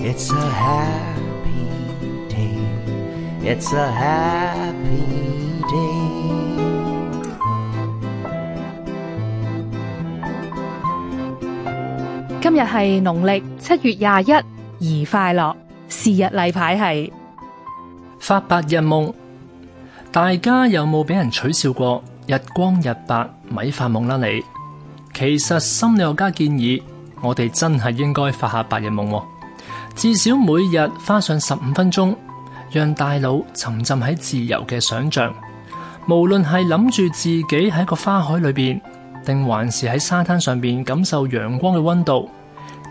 It's a happy day. It's a happy day. 今日係農曆七月廿一，宜快樂。是日例牌係發白日夢。大家有冇俾人取笑過？日光日白咪發夢啦、啊？你其實心理學家建議。我哋真係應該發下白日夢喎，至少每日花上十五分鐘，讓大腦沉浸喺自由嘅想象。無論係諗住自己喺個花海裏邊，定還是喺沙灘上邊感受陽光嘅溫度，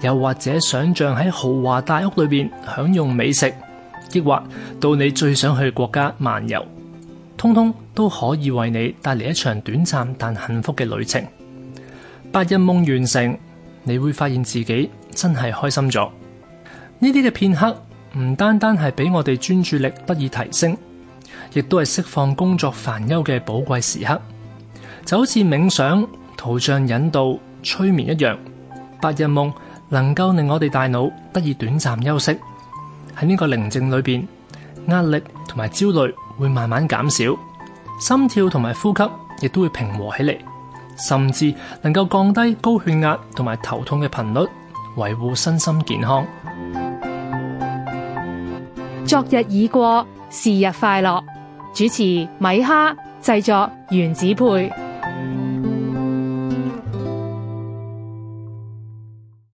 又或者想象喺豪華大屋裏邊享用美食，抑或到你最想去國家漫遊，通通都可以為你帶嚟一場短暫但幸福嘅旅程。白日夢完成。你會發現自己真係開心咗，呢啲嘅片刻唔單單係俾我哋專注力得以提升，亦都係釋放工作煩憂嘅寶貴時刻。就好似冥想、圖像引導、催眠一樣，白日夢能夠令我哋大腦得以短暫休息。喺呢個寧靜裏邊，壓力同埋焦慮會慢慢減少，心跳同埋呼吸亦都會平和起嚟。甚至能夠降低高血壓同埋頭痛嘅頻率，維護身心健康。昨日已過，是日快樂。主持米哈，製作原子配。